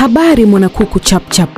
Habari mwanakuku chapchap,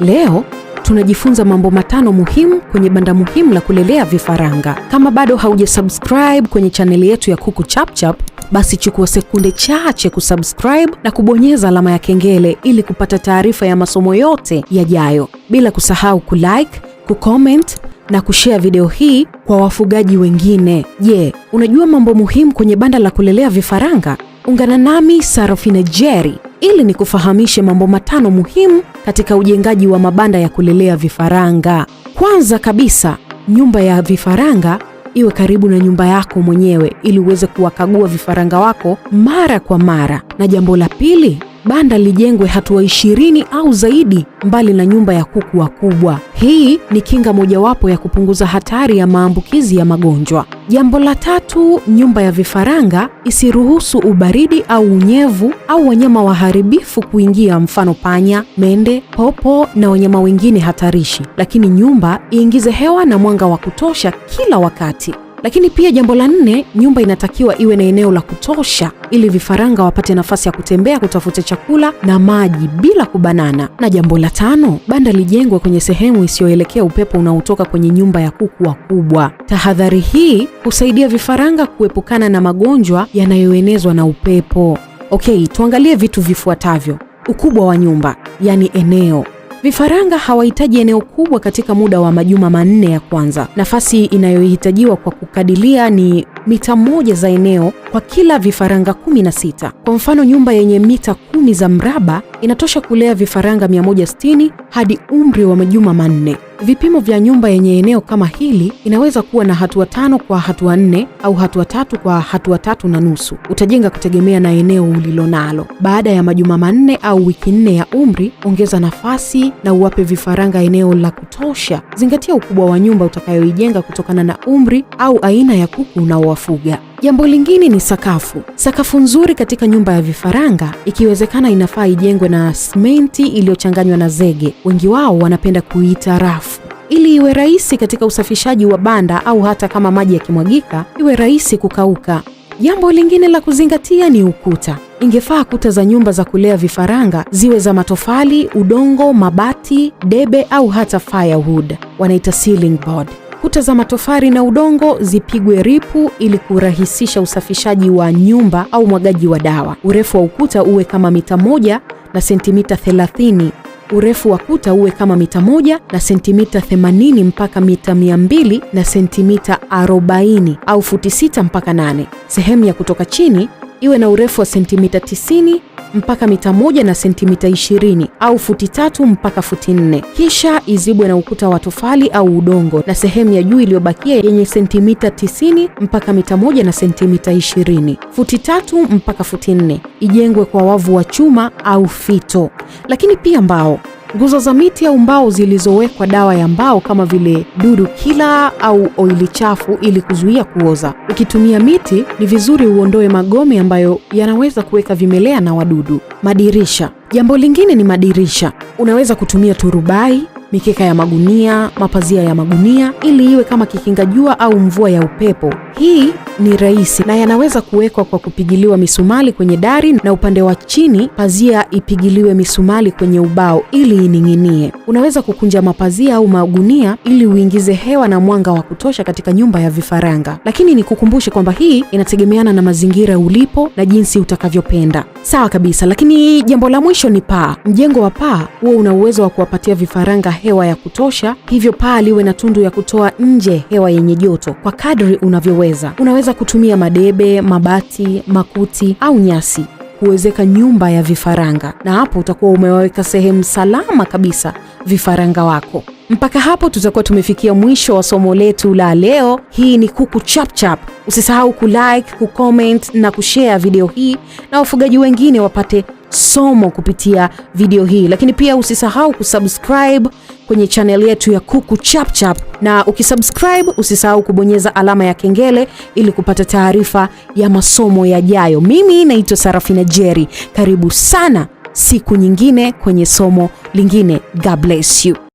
leo tunajifunza mambo matano muhimu kwenye banda muhimu la kulelea vifaranga. Kama bado haujasubscribe kwenye chaneli yetu ya Kuku Chapchap, basi chukua sekunde chache kusubscribe na kubonyeza alama ya kengele ili kupata taarifa ya masomo yote yajayo, bila kusahau kulike, kucomment na kushare video hii kwa wafugaji wengine. Je, yeah, unajua mambo muhimu kwenye banda la kulelea vifaranga? Ungana nami Sarafina Jerry ili nikufahamishe mambo matano muhimu katika ujengaji wa mabanda ya kulelea vifaranga. Kwanza kabisa, nyumba ya vifaranga iwe karibu na nyumba yako mwenyewe ili uweze kuwakagua vifaranga wako mara kwa mara. Na jambo la pili, banda lijengwe hatua ishirini au zaidi mbali na nyumba ya kuku wakubwa. Hii ni kinga mojawapo ya kupunguza hatari ya maambukizi ya magonjwa. Jambo la tatu, nyumba ya vifaranga isiruhusu ubaridi au unyevu au wanyama waharibifu kuingia, mfano panya, mende, popo na wanyama wengine hatarishi, lakini nyumba iingize hewa na mwanga wa kutosha kila wakati. Lakini pia jambo la nne, nyumba inatakiwa iwe na eneo la kutosha ili vifaranga wapate nafasi ya kutembea kutafuta chakula na maji bila kubanana. Na jambo la tano, banda lijengwe kwenye sehemu isiyoelekea upepo unaotoka kwenye nyumba ya kuku wakubwa. Tahadhari hii husaidia vifaranga kuepukana na magonjwa yanayoenezwa na upepo. Okay, tuangalie vitu vifuatavyo: ukubwa wa nyumba, yani eneo Vifaranga hawahitaji eneo kubwa katika muda wa majuma manne ya kwanza. Nafasi inayohitajiwa kwa kukadilia ni mita moja za eneo kwa kila vifaranga kumi na sita. Kwa mfano, nyumba yenye mita kumi za mraba inatosha kulea vifaranga 160 hadi umri wa majuma manne. Vipimo vya nyumba yenye eneo kama hili inaweza kuwa na hatua tano kwa hatua nne au hatua tatu kwa hatua tatu na nusu. Utajenga kutegemea na eneo ulilonalo. Baada ya majuma manne au wiki nne ya umri, ongeza nafasi na uwape vifaranga eneo la kutosha. Zingatia ukubwa wa nyumba utakayoijenga kutokana na umri au aina ya kuku unaowafuga. Jambo lingine ni sakafu. Sakafu nzuri katika nyumba ya vifaranga ikiwezekana, inafaa ijengwe na simenti iliyochanganywa na zege, wengi wao wanapenda kuita rafu ili iwe rahisi katika usafishaji wa banda au hata kama maji yakimwagika iwe rahisi kukauka. Jambo lingine la kuzingatia ni ukuta. Ingefaa kuta za nyumba za kulea vifaranga ziwe za matofali, udongo, mabati, debe au hata firewood, wanaita ceiling board kuta za matofari na udongo zipigwe ripu ili kurahisisha usafishaji wa nyumba au mwagaji wa dawa. Urefu wa ukuta uwe kama mita moja na sentimita 30. Urefu wa kuta uwe kama mita moja na sentimita 80 mpaka mita 200 na sentimita 40 au futi 6 mpaka 8. Sehemu ya kutoka chini iwe na urefu wa sentimita 90 mpaka mita moja na sentimita 20 au futi tatu mpaka futi nne, kisha izibwe na ukuta wa tofali au udongo na sehemu ya juu iliyobakia yenye sentimita 90 mpaka mita moja na sentimita 20 futi tatu mpaka futi nne, ijengwe kwa wavu wa chuma au fito, lakini pia mbao. Nguzo za miti au mbao zilizowekwa dawa ya mbao kama vile dudu kila au oili chafu ili kuzuia kuoza. Ukitumia miti, ni vizuri uondoe magome ambayo yanaweza kuweka vimelea na wadudu. Madirisha. Jambo lingine ni madirisha. Unaweza kutumia turubai mikeka ya magunia, mapazia ya magunia ili iwe kama kikinga jua au mvua ya upepo. Hii ni rahisi na yanaweza kuwekwa kwa kupigiliwa misumali kwenye dari na upande wa chini pazia ipigiliwe misumali kwenye ubao ili ining'inie. Unaweza kukunja mapazia au magunia ili uingize hewa na mwanga wa kutosha katika nyumba ya vifaranga, lakini nikukumbushe kwamba hii inategemeana na mazingira ulipo na jinsi utakavyopenda. Sawa kabisa, lakini jambo la mwisho ni paa. Mjengo wa paa huo una uwezo wa kuwapatia vifaranga hewa ya kutosha, hivyo paa liwe na tundu ya kutoa nje hewa yenye joto kwa kadri unavyoweza unavyoweza. Unaweza kutumia madebe, mabati, makuti au nyasi kuwezeka nyumba ya vifaranga, na hapo utakuwa umewaweka sehemu salama kabisa vifaranga wako. Mpaka hapo tutakuwa tumefikia mwisho wa somo letu la leo. Hii ni Kuku Chap. Usisahau kulike, kucomment na kushare video hii na wafugaji wengine wapate somo kupitia video hii, lakini pia usisahau kusubscribe kwenye channel yetu ya Kuku Chap. na ukisubscribe usisahau kubonyeza alama ya kengele ili kupata taarifa ya masomo yajayo. Mimi naitwa Sarafina Jerry, karibu sana siku nyingine kwenye somo lingine. God bless you.